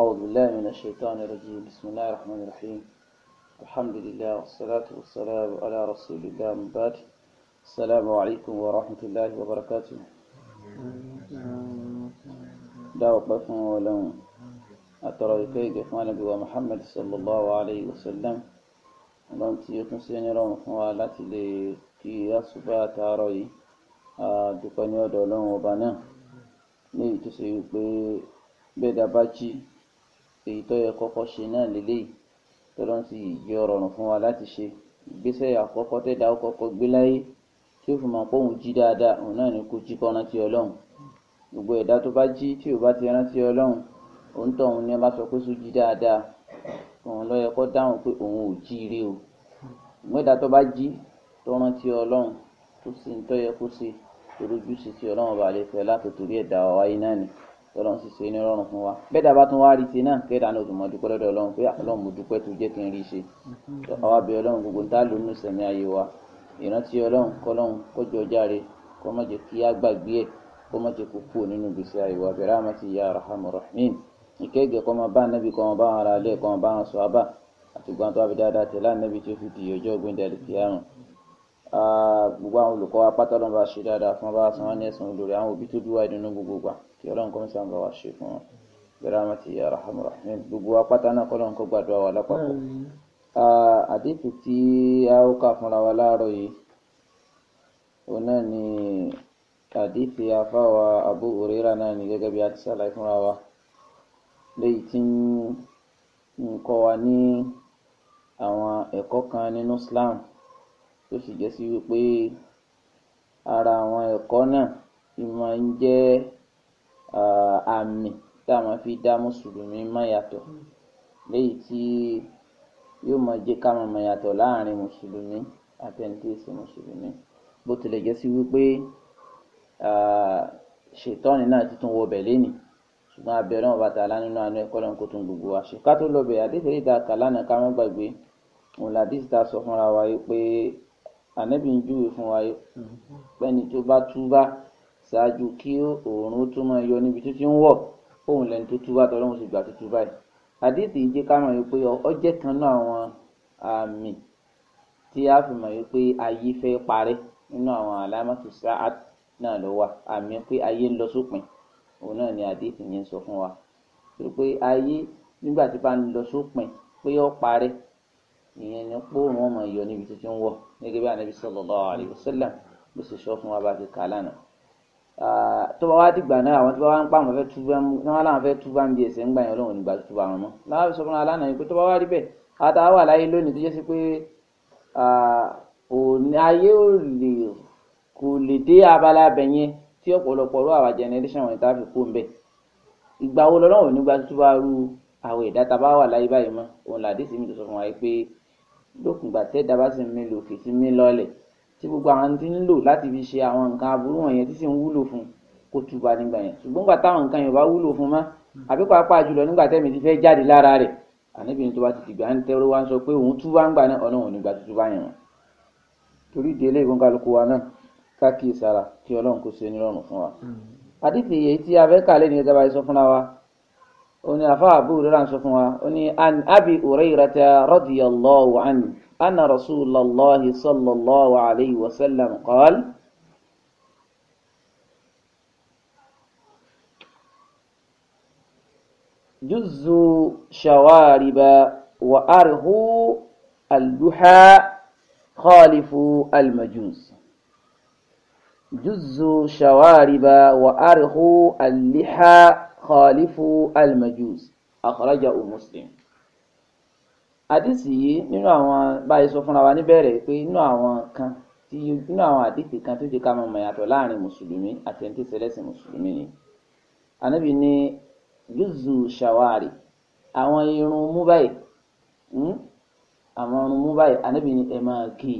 أعوذ بالله من الشيطان الرجيم بسم الله الرحمن الرحيم الحمد لله والصلاة والسلام على رسول الله من بعد السلام عليكم ورحمة الله وبركاته دعوة بكم ولون أترى كيد إخوان محمد صلى الله عليه وسلم لم تيكون سينيرا مخوالات لكي تاري دقنيو دولون وبنا ní ìtòsí wípé bẹ́ẹ̀dá bá èyí tó yẹ kọ́kọ́ ṣe náà lélẹ́yìí tọ́lọ́n sì jẹ́ ó rọrùn fún wa láti ṣe ìgbésẹ̀ àkọ́kọ́ tẹ́dá ó kọ́kọ́ gbé láyé tí ó fi mọ̀ pé òun jí dáadáa òun náà ni kó jí kó rántí ọlọ́run gbogbo ẹ̀dá tó bá jí tí ò bá ti rántí ọlọ́run òun tọ̀ òun ni ẹ bá sọ pé sùn jí dáadáa òun ló yẹ kó dáhùn pé òun ò jí ire o ìmọ̀ẹ́dá tó bá jí tó rántí ọlọ́run tó sì ń tọ́ yẹ kó ṣe torójú sí ti ọlọ́run ọba àlefẹ́ látòtòrí ẹ̀dá wáyé náà ni tọ́lọ́n sì ṣe ní rọrùn fún wa bẹ́ẹ̀ dàbá tún wá rí ṣe náà kéèdà náà tó mọ dúpẹ́ lọ́dọ̀ ọlọ́run pé ah, ọlọ́run mo dúpẹ́ tó jẹ́ kí n rí ṣe àwa mm-hmm. bẹ ọlọ́run gbogbo tá ló nù sẹ̀mí ayé wa ìrántí ọlọ́run kọ́lọ́run kọjọ járe kọ́ má jẹ́ kí á gbàgbé ẹ̀ kọ́ má jẹ́ kó kúrò nínú gbèsè ayé wa bẹ̀rẹ̀ àmọ́ ti ya arhamur rahimin ìkẹ́gẹ́ kọ́ máa bá anábì kọ́ máa bá ara alẹ́ kọ́ máa bá àwọn sọ àbá àtùgbọ́n tó gbogbo àwọn olùkọ́ apáta ọlọ́run bá ṣe dáadáa fún ọba sanwó ní ẹ̀sìn olórí àwọn òbí tó dúró àìdùnnú gbogbo gbà kí ọlọ́run kọ́mí sàn bá wà ṣe fún wọn bẹ́ẹ̀rẹ̀ ti arahamu rahim gbogbo apáta náà kọ́lọ́run kó gbàdúrà wà lápapọ̀. àdìpù tí a ó kà fúnra wa láàárọ̀ yìí òun náà ni àdìpù afáwa Abu Hurairah náà ni gẹ́gẹ́ bí a ti ṣàlàyé fúnra wa léyìí tí ń kọ́ wa ní àwọn ẹ̀kọ́ kan nínú Islam tó sì jẹ́ sí wípé ara àwọn ẹ̀kọ́ náà ni máa ń jẹ́ àmì tá a máa fi dá mùsùlùmí mọ̀ yàtọ̀ léyìí tí yóò máa jẹ́ ká máa mọ̀ yàtọ̀ láàrin mùsùlùmí àti ẹni tí ì ṣe mùsùlùmí bó tilẹ̀ jẹ́ sí wípé ṣètọ́ni náà ti tún wọbẹ̀ lénìí ṣùgbọ́n abẹ́rẹ́ wọn bàtà alánínú àánú ẹ̀kọ́ lọ́n tún gbogbo wa ṣe ká tó lọ bẹ̀rẹ̀ àdéhùn ìta kàlánà ká má gbàgbé òun làdíṣì ta sọ fúnra wa yìí pé ànábì ń júwe fún wa pẹ́ni tó bá túbá ṣáájú kí oòrùn tó máa yọ níbi tó ti ń wọ̀ òun lẹni tó túbá tọ́lọ́run sì gbà tó túbá yìí àdéhìí jẹ́ ká mọ̀ pé ọjẹ́ kan náà àwọn àmì tí a fi mọ̀ pé ayé fẹ́ parẹ́ nínú àwọn àlámọ́tò sáàt náà ló wà àmì pé ayé ń lọ sópin òun náà ni àdéhìí yẹn sọ fún wa pé ayé nígbà tí bá ń lọ sópin pé ó parẹ́ ìyẹn ni póòrùn ọmọ ìyọ níbi títí ń wọ̀ gẹ́gẹ́ bí anabi sallallahu alaihi wasallam bó ṣe sọ fún wa bá ti kà lánàá tó bá wá dìgbà náà àwọn tó bá wá ń pa àwọn fẹ́ túbá náà láwọn fẹ́ túbá ń bí ẹsẹ̀ ń gbà yẹn lóhùn nígbà túbá wọn mọ́ láwọn fi sọ fún wa lánàá yìí pé tó bá wá rí bẹ́ẹ̀ ata wà láyé lónìí tó jẹ́ sí pé òní ayé ò lè kò lè dé abala abẹ tí ọ̀pọ̀lọpọ̀ rú àwa generation lókùngbà tẹ́dá bá sì ń mí lòkè tí ń mí lọ́lẹ̀ tí gbogbo àwọn ti ń lò láti fi ṣe àwọn nǹkan aburú wọ̀nyẹn tí sì ń wúlò fún kó túba nígbà yẹn ṣùgbọ́n gbà táwọn nǹkan yẹn ò bá wúlò fún mọ́ àbí pàápàá jùlọ nígbà tẹ́mi ti fẹ́ jáde lára rẹ̀ ànábìrin tó bá ti dìgbà ń tẹ́rọ wá ń sọ pé òun túbá ń gbà náà ọ̀nà òun nígbà tuntun bá yẹn wọn. torí ìdílé ìgbọ́n kálukú wa náà káàkiri sára kí ọlọ́run kó ṣe nírọ̀rùn fún wa. àdìsí èyí tí a fẹ́ kà lẹ́nu gẹ́gẹ́ bá ṣe sọ fúnra wa أني أفا أبو ران شفوا أني أن أبي أريرة رضي الله عنه أن رسول الله صلى الله عليه وسلم قال جزوا شوارب وأرهوا الدحى خالفوا المجوس جزوا شوارب وأرهوا اللحى khalifu al-majus akhrajahu muslim àdìsí yìí nínú àwọn báyìí sọ fúnra wa níbẹ̀rẹ̀ pé nínú àwọn kan tí nínú àwọn àdìsí kan tó jẹ́ ká mọ̀ mọ̀yàtọ̀ láàrin mùsùlùmí àti ẹni tí sẹlẹ́sìn mùsùlùmí ni ànábì ní júzù ṣàwárì àwọn irun mú báyìí hmm? àwọn irun mú báyìí ànábì ní ẹ máa gé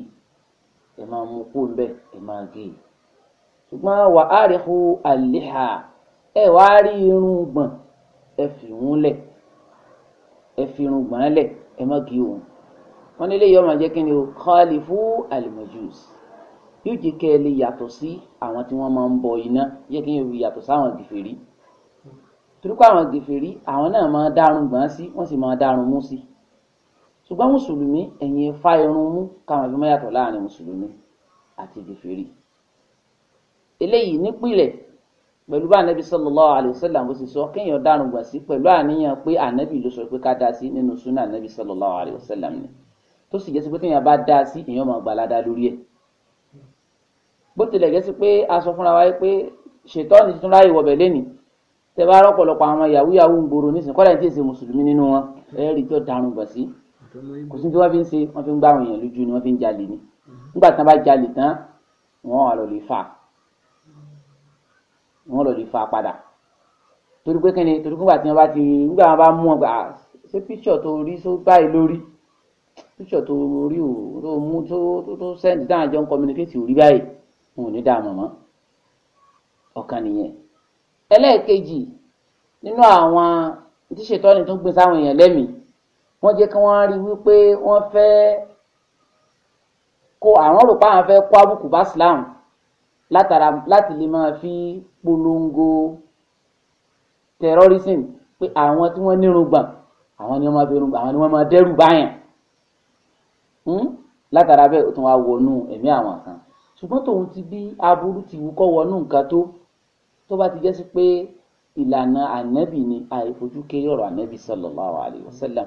ẹ máa mú kó ń bẹ ẹ máa gé ṣùgbọ́n wà hu àlìhà ẹ wàá rí irun gbọ̀n ẹ fi òun lẹ̀ ẹ fi irun gbọ̀n lẹ̀ ẹ má kí òun wọn ní eléyìí ọmọ jẹ́ kí ni o kọ́ọ̀lì fún alimọ̀júùs yóò jẹ́ kẹ́ ẹ lè yàtọ̀ sí àwọn tí wọ́n máa ń bọ iná yẹ kí n yóò yàtọ̀ sáwọn gèfèrí torípé àwọn gèfèrí àwọn náà máa dárun gbọ̀n sí wọ́n sì máa dárun mú sí ṣùgbọ́n mùsùlùmí ẹ̀yin ẹ irun mú káwọn fi máa yàtọ̀ láàrin mùsùlùmí àti gèfèrí eléyìí nípìnlẹ̀ pẹ̀lú bá anabi sallallahu alayhi wa sallam bó ṣe sọ kéèyàn dárun gbà sí pẹ̀lú àníyàn pé anabi ló sọ pé ká dá sí nínú sunna anabi sallallahu alayhi wa sallam ni tó sì jẹ́ sí pé téèyàn bá dá sí èèyàn máa gbà ládàá lórí ẹ̀ bó tilẹ̀ jẹ́ sí pé a sọ fúnra wa pé ṣètọ́ni tuntun láyè wọ̀bẹ̀ lẹ́nìí tẹ bá rọpọlọpọ àwọn yahoo yahoo ń gbòòrò nísìnyí kọ́lá ìdí èsì mùsùlùmí nínú wọn ẹ̀rí tó darun gbà sí kò sí tí fi ń ṣe wọ́n fi ń gbà àwọn èèyàn lójú ni wọ́n fi ń jalè ni nígbà tí wọ́n bá jalè tán wọ́n wà lọ́ọ́ lè fà á wọ́n lọ lè fa padà torí pé kíni torí pé tí wọ́n bá ti nígbà wọ́n bá mú ọ gbà ṣé píṣọ̀ tó rí tó báyìí lórí píṣọ̀ tó rí ò tó mú tó tó sẹ́ǹdì dáhùn jọ ń communicate ò rí báyìí wọn ò ní dààmú mọ́ ọ̀kan nìyẹn ẹlẹ́ẹ̀kejì nínú àwọn tí ṣètọ́ni tó gbé sáwọn èèyàn lẹ́mìí wọ́n jẹ́ kí wọ́n rí wípé wọ́n fẹ́ kó àwọn rò pé àwọn fẹ́ kó àbùkù bá Islam látara láti lè máa fi polongo terrorism pé àwọn tí wọ́n nírun àwọn ni wọ́n máa bẹ̀rù àwọn ni wọ́n máa dẹ́rù báyàn hmm? látara bẹ́ẹ̀ ó tún wá wọnú ẹ̀mí àwọn kan ṣùgbọ́n tòun ti bí aburú ti wù kọ́ wọnú nǹkan tó tó bá ti jẹ́ sí pé ìlànà ànábì ni àìfojú kéré ọ̀rọ̀ ànábì sallallahu alaihi wasallam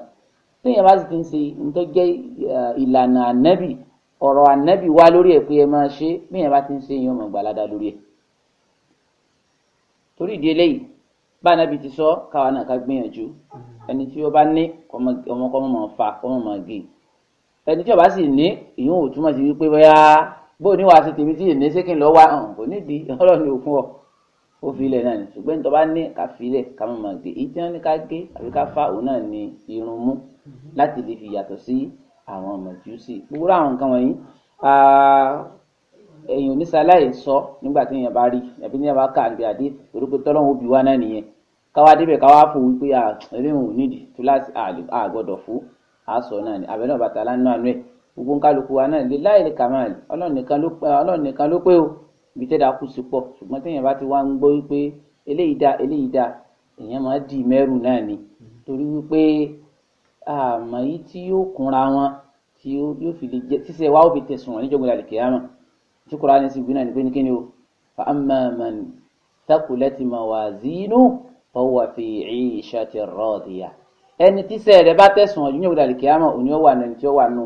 téèyàn bá sì ti ń ṣe nǹkan jẹ́ eh, ìlànà ànábì ọ̀rọ̀ ànábì wá lórí ẹ̀ pé ẹ máa ṣe bí yẹn bá ti ń ṣe yẹn ọmọ ìgbàládá lórí ẹ̀ torí ìdí eléyìí bá ànábì ti sọ káwa náà ká gbìyànjú ẹni tí ó bá ní ọmọkọ́mọ máa fa ọmọ máa gé ẹni tí ó bá sì ní ìyún ò túmọ̀ sí wípé bóyá bó ní wàá ṣe tèmi tí èmi ṣé kí n kò nídìí ọlọ́run ni òkun ọ̀ ó fi ilẹ̀ náà ní ṣùgbọ́n tó bá ní ká fi ilẹ̀ ká má gé èyí tí wọ́n ní ká gé àbí ká fa òun náà ní irun mú láti lè fi yàtọ̀ sí àwọn màjúsì gbogbo àwọn nǹkan wọ̀nyí èyàn ò ní sáláì sọ nígbà tí èyàn bá rí àbí ní àbá ká àgbẹ̀ àdé orúkọ tọ́lọ́hún òbí wa náà nìyẹn káwá débẹ̀ káwá fò wípé eléyìí ò nídìí túláàsì àgbọ̀dọ̀ fún àásọ náà ni àbẹ̀lẹ̀ bàtà lánàá àánú ẹ̀ gbogbo kálukú wa náà lè láì lè kà máa lè ọlọ́run nìkan ló pé o ibi tẹ́dá kù sí pọ̀ ṣùgbọ́n téèyàn bá ti wá ń gbọ́ wípé eléyìí dá eléyìí dá èèyàn máa dì mẹ́rù náà ni torí wípé àmọ́ yìí tí yóò kúnra wọn tí yóò fi lè jẹ tíṣe wa ó fi tẹ̀sùn wọn níjọ́ gbọ́dọ̀ àlìkèyàmọ̀ tí Kùránì sì gbin náà ní pé ní kíni o fa amma man thaqulat mawazinuhu fa huwa fi 'ishatin radiyah ẹni tíṣe rẹ̀ bá tẹ̀sùn wọn níjọ́ gbọ́dọ̀ àlìkèyàmọ̀ òní ó wà nínú tí ó wà nù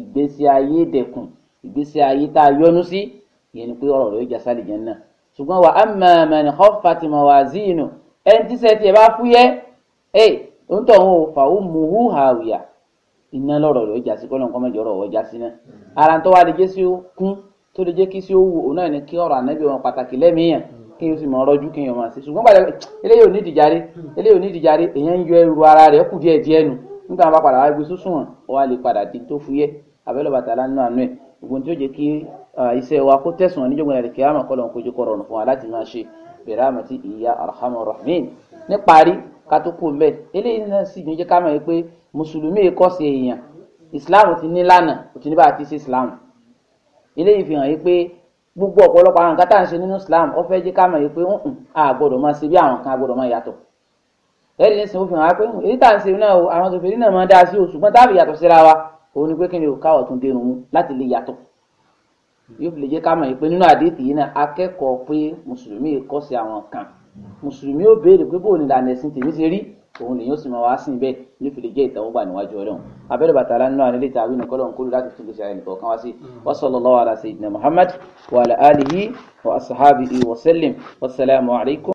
ìgbésí ayé dẹkùn ìgbésí ayé tá a yọnu sí ìyẹn ni pé ọ̀rọ̀ rẹ̀ ó sálì Jánnà ṣùgbọ́n ń tọ̀ wọn ò fà ó mú hù hàwìyà iná lọ́rọ̀ rẹ̀ ó jà sí kọ́ lóun kọ́ mẹ́jọ ọ̀rọ̀ ọ̀jà sí náà ara tó wá lè jẹ́ sí ó kún tó lè jẹ́ kí sí ó wù òun náà ni kí ọ̀rọ̀ ànábì wọn pàtàkì lẹ́mìíyàn kí n sì mọ̀ ọ̀rọ̀ ojú kí n yọ̀ máa ṣe ṣùgbọ́n padà eléyìí ò ní ìdíjáre eléyìí ò ní ìdíjáre èèyàn ń yọ ẹrù ara rẹ̀ kù díẹ̀ díẹ̀ nù nígbà wọn bá padà wá gbé súnsùn hàn ó wá lè padà di tó fúyẹ́ abẹ́lẹ́ bàtà lánàá àánú ẹ̀ ògùn tí ó jẹ́ kí iṣẹ́ wa kó tẹ̀sán níjọ́gbọ̀n ẹ̀rẹ̀ kí á máa kọ́ lọ́n kojú kọ́ rọrùn fún wa láti máa ṣe bẹ̀rẹ̀ àmọ́ tí ìyá arhamar níparí ká tó kú mbẹ eléyìí náà sì ní jẹ́ ká mọ̀ pé mùsùlùmí kọ́ sí èèyàn islam ti ní lánà kò ti ní bá a ti ṣe islam eléyìí fi hàn yí pé gbogbo ọ̀pọ̀lọpọ̀ àwọn nǹkan tá à ń ṣe nínú islam ó fẹ́ jẹ́ ká mọ̀ yìí pé ń à gbọ́dọ̀ máa ṣe bí àwọn kan gbọ́dọ̀ máa yàtọ̀ ẹ̀rí ní sinmi fi hàn wá pé èyí tá à ń ṣe náà o àwọn tòfin náà máa dáa sí o ṣùgbọ́n táàbì yàtọ̀ síra wa òun ni pé kí ni o káwọ̀ tún dẹnu mu láti lè yàtọ̀ yóò fi lè jẹ́ ká mọ̀ yìí pé nínú àdéhìí náà akẹ́kọ̀ọ́ pé mùsùlùmí kọ́ sí àwọn kan mùsùlùmí ó béèrè pé bóun ìlànà ẹ̀sìn tèmi ṣe rí òun lèyìn ó sì máa wá sí ibẹ̀ ní fìlè jẹ́ ìtàwọn gbà níwájú ọlọ́run abẹ́rẹ́ bàtà alá nínú àrílẹ̀ tàbí nù kọ́lọ́run kúrò láti tún gbèsè àyẹ̀lẹ̀ kọ̀ọ̀kan wá sí mm. wa sallallahu ala sayyidina Muhammad wa ala alihi wa ashabihi wa sallim wassalamu alaikum.